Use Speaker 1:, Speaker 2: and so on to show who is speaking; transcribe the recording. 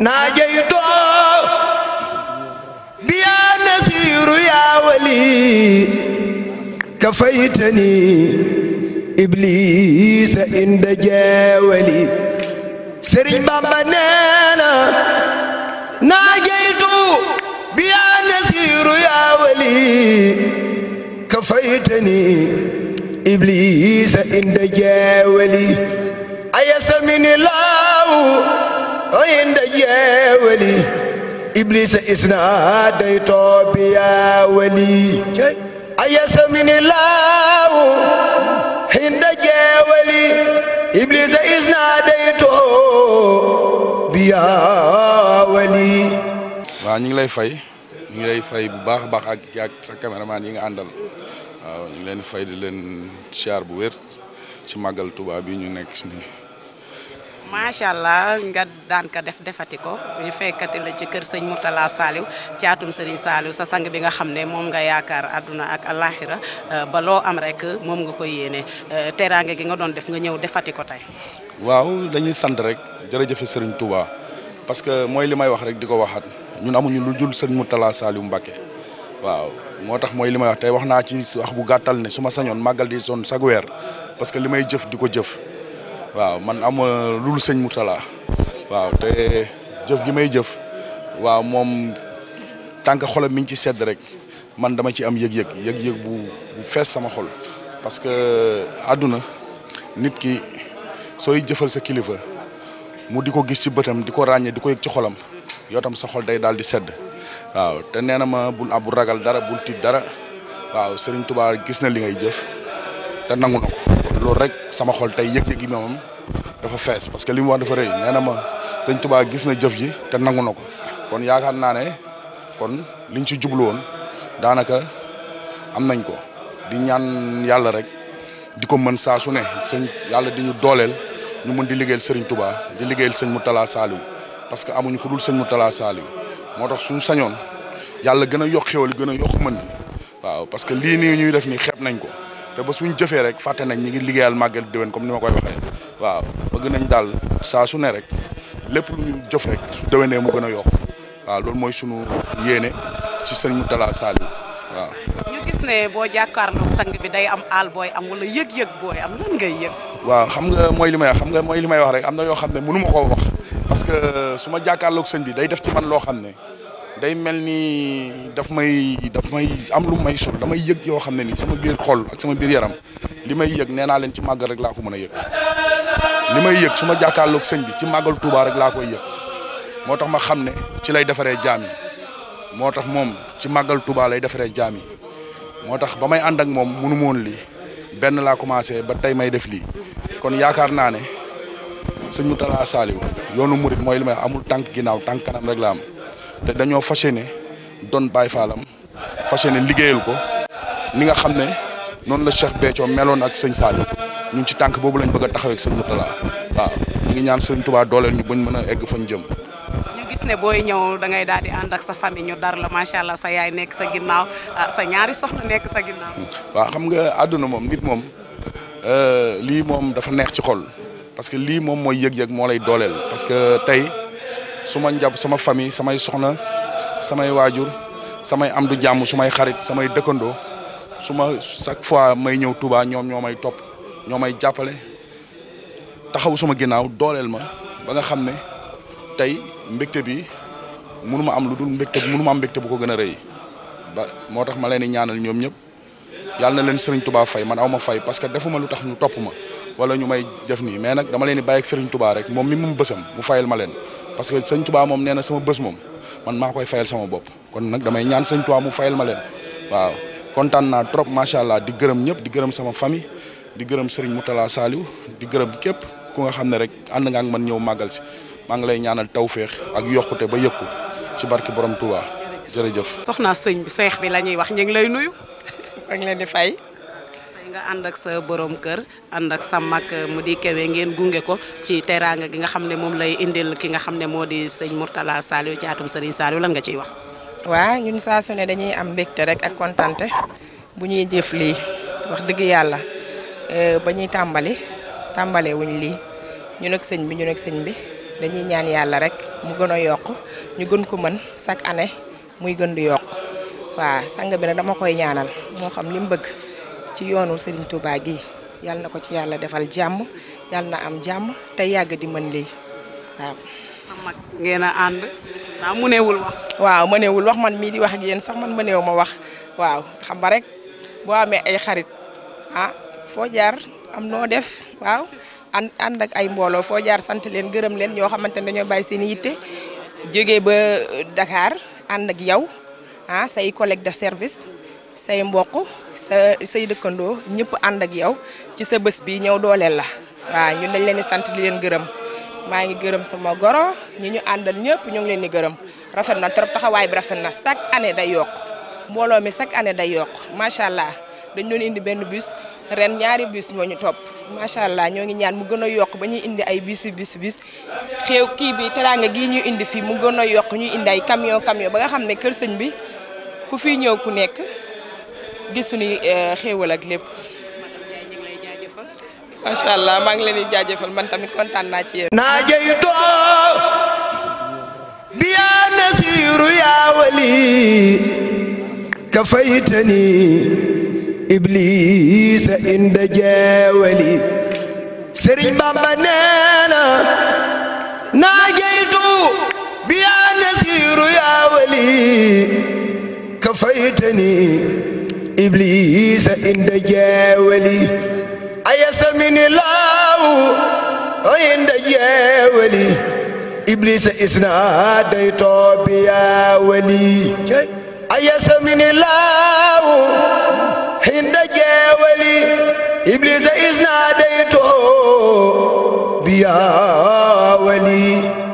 Speaker 1: ناجيتو بيا نسير يا ولي كفيتني إبليس عند جاولي سرج بابا نانا ناجيتو بيا نسير يا ولي كفيتني إبليس عند جاولي أيسمني الله عند جاولي إبليس إسناديت بيا ولي أيسمني الله عند جاولي إبليس إسناديت بيا ولي
Speaker 2: waaw ñu ngi lay fay ñu ngi lay fay bu baax a baax ak ak sa caméraman yi nga àndal waaw ñu ngi leen fay di leen siyaar bu wér ci màggal Tuubaa bi ñu nekk nii
Speaker 3: macha allah nga daan ko def defati ko ñu fekkati la ci kër sëñ Mourtala Saliou caatum sëriñ Saliou sa sang bi nga xam ne moom nga yaakaar àdduna ak alaxira euh, ba loo am rek moom nga koy yéene euh, teraange gi nga doon def nga ñëw defati ko tey.
Speaker 2: waaw dañuy sant rek jërëjëf sëriñ Touba parce que mooy li may wax rek di ko waxaat ñun amuñu lu jul sëñ Mourtala Saliou Mbacké waaw moo tax mooy li may wax tey wax naa ci wax bu gàttal ne su ma sañoon màggal di son sag weer parce que li may jëf di ko jëf. waaw man am lul sëñ Moutala waaw te jëf gi may jëf waaw moom tànk xolam mi ngi ci sedd rek man dama ci am yëg-yëg yëg-yëg bu fees sama xol parce que àdduna nit ki sooy jëfal sa kilifa mu di ko gis ci bëtam di ko ràññee di ko yëg ci xolam yoo sa xol day daal di sedd waaw te nee na ma bu abul ragal dara bul tiit dara waaw Serigne Touba gis na li ngay jëf te nangu na ko. loolu rek sama xol tey yëg-yëg yi moom dafa fees parce que li mu wax dafa rëy nee na ma sëñ tubaa gis na jëf ji te nangu na ko kon yaakaar naa ne kon liñ ci jublu woon daanaka am nañ ko di ñaan yàlla rek di ko mën saa su ne sëñ yàlla di ñu dooleel ñu mën di liggéeyal sëriñ tubaa di liggéeyal sëñ mu Moutala Saliou parce que amuñu ku dul sëñ Moutala Saliou moo tax suñ sañoon yàlla gën a yokk xéwal gën a yokk mën gi waaw parce que lii nii ñuy def nii xeeb nañ ko. ba suñ jëfee rek fàtte nañ ñi ngi liggéeyal màggal déwén comme ni ma koy waxee waaw bëgg nañ daal saa su ne rek lépp lu ñu jëf rek su déwénee mu gën a yokk waaw loolu mooy suñu yéene ci sëñ Moutalla Saliou waaw.
Speaker 3: ñu gis ne boo jàkkaarloo sang bi day am aal booy am wala yëg-yëg booy am lan ngay yëg.
Speaker 2: waaw xam nga mooy li may wax xam nga mooy li may wax rek am na yoo xam ne mënu ma koo wax parce que su ma jàkkaarlook sëñ bi day def ci man loo xam ne. day mel ni dafa may daf may am lu may sol damay yëg yoo xam ne ni sama biir xol ak sama biir yaram li may yëg nee naa leen ci màggal rek laa ko mën a yëg li may yëg suma ma jàkkaarloog sëñ bi ci màggal Touba rek koy yëg moo tax ma xam ne ci lay defaree jaami moo tax moom ci màggal Touba lay defaree jaam moo tax ba may ànd ak moom mënu ma woon lii benn laa commencé ba tey may def lii kon yaakaar naa ne sëñ Moutalla Saliou yoonu murit mooy li may amul tànk ginnaaw tànk kanam rek laa am. te dañoo fas yéene doon Baye Fallam fas ne liggéeyal ko ni nga xam ne noonu la Cheikh Béthio meloon ak sëñ Saliou ñun ci tànk boobu lañ bëgg a taxawee ak sëñ waaw ñu ngi ñaan sëñ Touba dooleel ñu bañ mën a egg fañ jëm.
Speaker 3: gis ne booy ñëw da ngay daal di ànd ak sa famille ñu dar la macha allah sa yaay nekk sa ginnaaw ah, sa ñaari soxna nekk sa ginnaaw.
Speaker 2: waaw xam nga àdduna moom nit moom euh, lii moom dafa neex ci xol parce que lii moom mooy yëg-yëg moo lay dooleel parce que tey. su ma njab sama famille samay soxna samay waajur samay am du jàmm su may xarit samay dëkkandoo su ma chaque fois may ñëw tubaa ñoom ñoo may topp ñoo may jàppale taxaw suma ginnaaw dooleel ma ba nga xam ne tey mbégte bi mënu ma am lu dul mbégte mënu ma am mbégte bu ko gën a rëy ba moo tax ma leen di ñaanal ñoom ñëpp yàlla na leen Serigne Touba fay man aw ma fay parce que defuma lu tax ñu topp ma wala ñu may def nii mais nag dama leen di bàyyi ak Serigne Touba rek moom mi mu bësam mu fayal ma leen. parce que sëñ Touba moom nee na sama bés moom man maa koy fayal sama bopp kon nag damay ñaan sëñ Touba mu fayal ma leen waaw kontaan naa trop macha allah di gërëm ñëpp di gërëm sama famille di gërëm Serigne Moutala Saliou di gërëm képp ku nga xam ne rek ànd nga ak man ñëw màggal si maa ngi lay ñaanal tawféex ak yokkute ba yëkku ci barki borom Touba jërëjëf. soxna sëñ bi seex bi la ñuy wax ñu ngi lay
Speaker 3: nuyu. maa ngi leen di fay. nga ànd ak sa borom kër ànd ak sa mag mu di Kewé ngeen gunge ko ci teraanga gi nga xam ne moom lay indil ki nga xam ne moo di sëñ Mourtala Saliou ci atum Serigne Saliou lan nga ciy wax. waaw ñun saa su ne dañuy am mbégte rek ak kontante
Speaker 4: bu ñuy jëf lii wax dëgg yàlla e, ba ñuy tàmbali tàmbalewuñ wuñ lii ñun ak sëñ bi ñun ak sëñ bi dañuy ñaan yàlla rek mu gën a yokk ñu gën ko mën chaque année muy gën di yokk waaw sang bi nag dama koy ñaanal moo xam li bëgg. ci yoonu Serigne Touba gi yàlla na ko ci yàlla defal jàmm yàlla na am jàmm te yàgg di mën lii waaw. sa ngeen a ànd naa mëneewul wax. waaw mëneewul wax man mii di wax ak yéen sax man mëneewu ma wax waaw xam nga rek boo amee ay xarit ah foo jaar am noo def waaw ànd ànd ak ay mbooloo foo jaar sant leen gërëm leen ñoo xamante ne dañoo bàyyi seen i yitte jógee ba dakaar ànd ak yow ah say collègue de service. say mboq sa say dëkkandoo ñëpp ànd ak yow ci sa bés bi ñëw dooleel la waaw ñun dañ leen di sant di leen gërëm maa ngi gërëm sama goro ñi ñu àndal ñëpp ñoo ngi leen di gërëm rafet na trop taxawaay bi rafet na chaque année day yokk mbooloo mi chaque année day yokk macha allah dañ doon indi benn bus ren ñaari bus moo ñu topp macha allah ñoo ngi ñaan mu gën a yokk ba ñuy indi ay bus bus bus xew kii bi teraanga gii ñuy indi fii mu gën a yokk ñuy indi ay camion kamio ba nga xam ne kër bi ku fi ñëw ku nekk. gis suñuy eh, ak lépp. macha allah maa ngi leen di jaajëfal man tamit kontaan naa ci yéen. naa
Speaker 1: bi yaa nasiiru yaa wali kafaytani إبليس عند جاولي أيسمن الله عند جاولي إبليس إسناديت بيا ولي أيسمن الله عند جاولي إبليس إسناديت بيا ولي